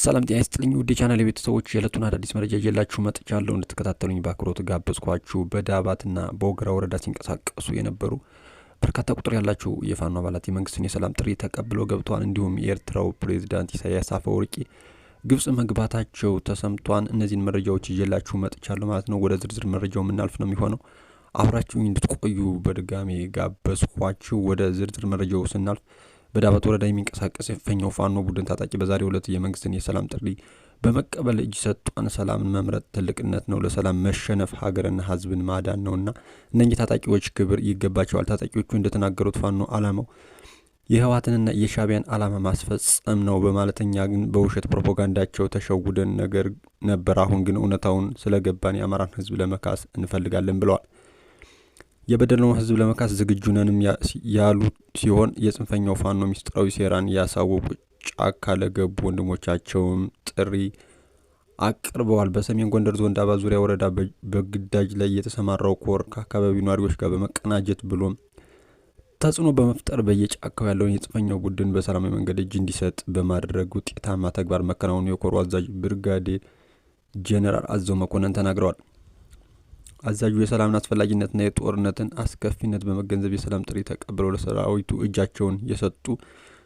ሰላም ጤና ይስጥልኝ ውድ ቻናል የቤተሰቦች የዕለቱን አዳዲስ መረጃ እየላችሁ መጥቻለሁ። እንድትከታተሉኝ በአክብሮት ጋበዝኳችሁ። በዳባትና በወገራ ወረዳ ሲንቀሳቀሱ የነበሩ በርካታ ቁጥር ያላቸው የፋኖ አባላት የመንግስትን የሰላም ጥሪ ተቀብለው ገብተዋል። እንዲሁም የኤርትራው ፕሬዚዳንት ኢሳያስ አፈወርቂ ግብጽ መግባታቸው ተሰምቷል። እነዚህን መረጃዎች እየላችሁ መጥቻለሁ ማለት ነው። ወደ ዝርዝር መረጃው የምናልፍ ነው የሚሆነው። አብራችሁ እንድትቆዩ በድጋሚ ጋበዝኳችሁ። ወደ ዝርዝር መረጃው ስናልፍ በዳባት ወረዳ የሚንቀሳቀስ የፈኛው ፋኖ ቡድን ታጣቂ በዛሬው ዕለት የመንግስትን የሰላም ጥሪ በመቀበል እጅ ሰጧን። ሰላምን መምረጥ ትልቅነት ነው። ለሰላም መሸነፍ ሀገርና ህዝብን ማዳን ነውና እነኚህ ታጣቂዎች ክብር ይገባቸዋል። ታጣቂዎቹ እንደተናገሩት ፋኖ አላማው የህወሓትንና የሻቢያን ዓላማ ማስፈጸም ነው በማለተኛ ግን በውሸት ፕሮፓጋንዳቸው ተሸውደን ነገር ነበር። አሁን ግን እውነታውን ስለገባን የአማራን ህዝብ ለመካስ እንፈልጋለን ብለዋል። የበደለውን ህዝብ ለመካስ ዝግጁ ነንም ያሉ ሲሆን የጽንፈኛው ፋኖ ሚስጥራዊ ሴራን ያሳወቁ ጫካ ለገቡ ወንድሞቻቸውም ጥሪ አቅርበዋል። በሰሜን ጎንደር ዞን ዳባ ዙሪያ ወረዳ በግዳጅ ላይ የተሰማራው ኮር ከአካባቢው ነዋሪዎች ጋር በመቀናጀት ብሎም ተጽዕኖ በመፍጠር በየጫካው ያለውን የጽንፈኛው ቡድን በሰላማዊ መንገድ እጅ እንዲሰጥ በማድረግ ውጤታማ ተግባር መከናወኑ የኮሩ አዛዥ ብርጋዴ ጄኔራል አዘው መኮንን ተናግረዋል። አዛዡ የሰላምን አስፈላጊነትና የጦርነትን አስከፊነት በመገንዘብ የሰላም ጥሪ ተቀብለው ለሰራዊቱ እጃቸውን የሰጡ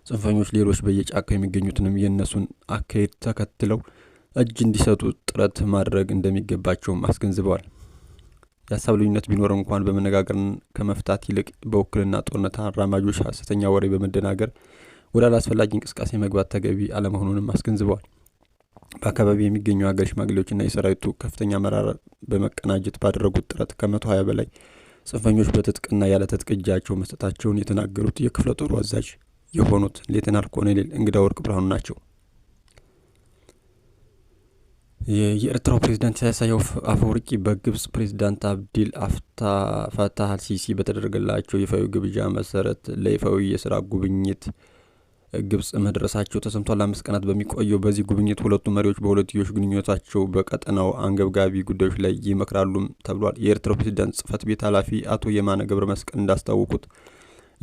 ጽንፈኞች ሌሎች በየጫካ የሚገኙትንም የእነሱን አካሄድ ተከትለው እጅ እንዲሰጡ ጥረት ማድረግ እንደሚገባቸውም አስገንዝበዋል። የሀሳብ ልዩነት ቢኖር እንኳን በመነጋገር ከመፍታት ይልቅ በውክልና ጦርነት አራማጆች ሀሰተኛ ወሬ በመደናገር ወደ አላስፈላጊ እንቅስቃሴ መግባት ተገቢ አለመሆኑንም አስገንዝበዋል። በአካባቢ የሚገኙ ሀገር ሽማግሌዎችና የሰራዊቱ ከፍተኛ አመራር በመቀናጀት ባደረጉት ጥረት ከመቶ ሀያ በላይ ጽንፈኞች በትጥቅና ያለ ትጥቅ እጃቸው መስጠታቸውን የተናገሩት የክፍለ ጦሩ አዛዥ የሆኑት ሌተናል ኮሎኔል እንግዳ ወርቅ ብርሃኑ ናቸው። የኤርትራው ፕሬዚዳንት ኢሳያስ አፈወርቂ በግብጽ ፕሬዚዳንት አብዲል ፈታህ አልሲሲ በተደረገላቸው ይፋዊ ግብዣ መሰረት ለይፋዊ የስራ ጉብኝት ግብጽ መድረሳቸው ተሰምቷል። አምስት ቀናት በሚቆየው በዚህ ጉብኝት ሁለቱ መሪዎች በሁለትዮሽ ግንኙነታቸው በቀጠናው አንገብጋቢ ጉዳዮች ላይ ይመክራሉ ተብሏል። የኤርትራው ፕሬዚዳንት ጽህፈት ቤት ኃላፊ አቶ የማነ ገብረ መስቀል እንዳስታወቁት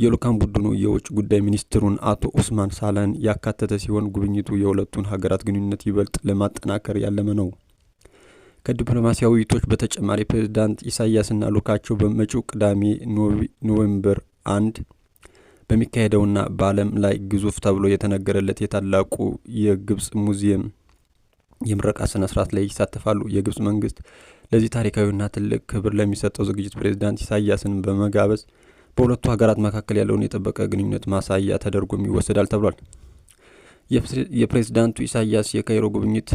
የልዑካን ቡድኑ የውጭ ጉዳይ ሚኒስትሩን አቶ ኡስማን ሳለን ያካተተ ሲሆን ጉብኝቱ የሁለቱን ሀገራት ግንኙነት ይበልጥ ለማጠናከር ያለመ ነው። ከዲፕሎማሲያዊ ውይይቶች በተጨማሪ ፕሬዚዳንት ኢሳያስና ሉካቸው በመጪው ቅዳሜ ኖቬምበር አንድ በሚካሄደውና በዓለም ላይ ግዙፍ ተብሎ የተነገረለት የታላቁ የግብፅ ሙዚየም የምረቃ ስነ ስርዓት ላይ ይሳተፋሉ። የግብፅ መንግስት ለዚህ ታሪካዊና ትልቅ ክብር ለሚሰጠው ዝግጅት ፕሬዚዳንት ኢሳያስን በመጋበዝ በሁለቱ ሀገራት መካከል ያለውን የጠበቀ ግንኙነት ማሳያ ተደርጎም ይወሰዳል ተብሏል። የፕሬዚዳንቱ ኢሳያስ የካይሮ ጉብኝት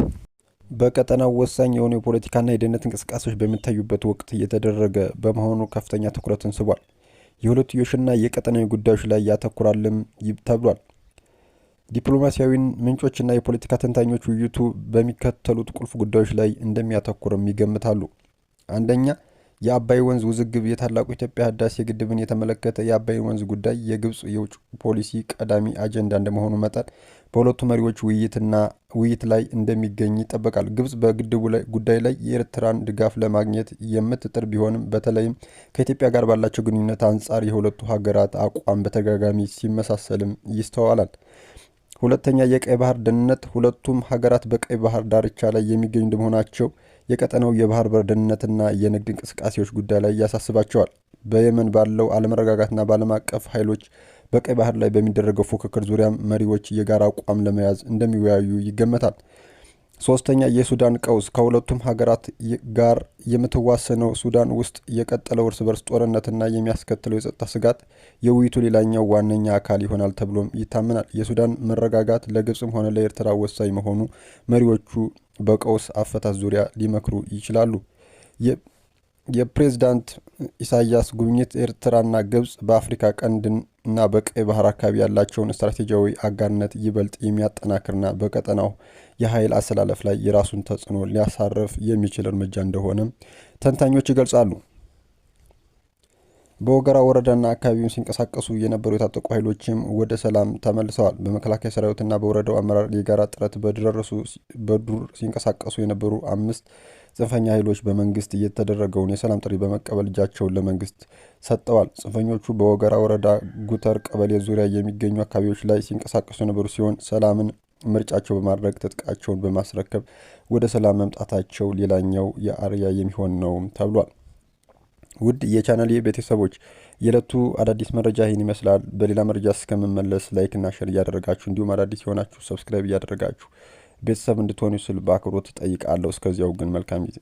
በቀጠናው ወሳኝ የሆኑ የፖለቲካና የደህንነት እንቅስቃሴዎች በሚታዩበት ወቅት እየተደረገ በመሆኑ ከፍተኛ ትኩረትን ስቧል። የሁለትዮሽና የቀጠናዊ ጉዳዮች ላይ ያተኩራልም ተብሏል። ዲፕሎማሲያዊን ምንጮችና የፖለቲካ ተንታኞች ውይይቱ በሚከተሉት ቁልፍ ጉዳዮች ላይ እንደሚያተኩርም ይገምታሉ። አንደኛ የአባይ ወንዝ ውዝግብ የታላቁ ኢትዮጵያ ህዳሴ ግድብን የተመለከተ የአባይ ወንዝ ጉዳይ የግብፅ የውጭ ፖሊሲ ቀዳሚ አጀንዳ እንደመሆኑ መጠን በሁለቱ መሪዎች ውይይትና ውይይት ላይ እንደሚገኝ ይጠበቃል። ግብፅ በግድቡ ጉዳይ ላይ የኤርትራን ድጋፍ ለማግኘት የምትጥር ቢሆንም በተለይም ከኢትዮጵያ ጋር ባላቸው ግንኙነት አንጻር የሁለቱ ሀገራት አቋም በተደጋጋሚ ሲመሳሰልም ይስተዋላል። ሁለተኛ፣ የቀይ ባህር ደህንነት ሁለቱም ሀገራት በቀይ ባህር ዳርቻ ላይ የሚገኙ እንደመሆናቸው የቀጠናው የባህር በር ደህንነትና የንግድ እንቅስቃሴዎች ጉዳይ ላይ ያሳስባቸዋል። በየመን ባለው አለመረጋጋትና በዓለም አቀፍ ኃይሎች በቀይ ባህር ላይ በሚደረገው ፉክክር ዙሪያም መሪዎች የጋራ አቋም ለመያዝ እንደሚወያዩ ይገመታል። ሶስተኛ የሱዳን ቀውስ ከሁለቱም ሀገራት ጋር የምትዋሰነው ሱዳን ውስጥ የቀጠለው እርስ በርስ ጦርነትና የሚያስከትለው የጸጥታ ስጋት የውይይቱ ሌላኛው ዋነኛ አካል ይሆናል ተብሎም ይታመናል። የሱዳን መረጋጋት ለግብፅም ሆነ ለኤርትራ ወሳኝ መሆኑ መሪዎቹ በቀውስ አፈታት ዙሪያ ሊመክሩ ይችላሉ። የፕሬዝዳንት ኢሳያስ ጉብኝት ኤርትራና ግብፅ በአፍሪካ እና በቀይ ባህር አካባቢ ያላቸውን ስትራቴጂያዊ አጋርነት ይበልጥ የሚያጠናክርና በቀጠናው የኃይል አሰላለፍ ላይ የራሱን ተጽዕኖ ሊያሳረፍ የሚችል እርምጃ እንደሆነም ተንታኞች ይገልጻሉ። በወገራ ወረዳና አካባቢውን ሲንቀሳቀሱ የነበሩ የታጠቁ ኃይሎችም ወደ ሰላም ተመልሰዋል። በመከላከያ ሰራዊትና በወረዳው አመራር የጋራ ጥረት በደረሱ በዱር ሲንቀሳቀሱ የነበሩ አምስት ጽንፈኛ ኃይሎች በመንግስት እየተደረገውን የሰላም ጥሪ በመቀበል እጃቸውን ለመንግስት ሰጥተዋል። ጽንፈኞቹ በወገራ ወረዳ ጉተር ቀበሌ ዙሪያ የሚገኙ አካባቢዎች ላይ ሲንቀሳቀሱ የነበሩ ሲሆን ሰላምን ምርጫቸው በማድረግ ትጥቃቸውን በማስረከብ ወደ ሰላም መምጣታቸው ሌላኛው የአርያ የሚሆን ነውም ተብሏል። ውድ የቻናል ቤተሰቦች የዕለቱ አዳዲስ መረጃ ይህን ይመስላል። በሌላ መረጃ እስከምመለስ ላይክ እና ሸር እያደረጋችሁ እንዲሁም አዳዲስ የሆናችሁ ሰብስክራይብ እያደረጋችሁ ቤተሰብ እንድትሆኑ ስል በአክብሮት ጠይቃለሁ። እስከዚያው ግን መልካም ጊዜ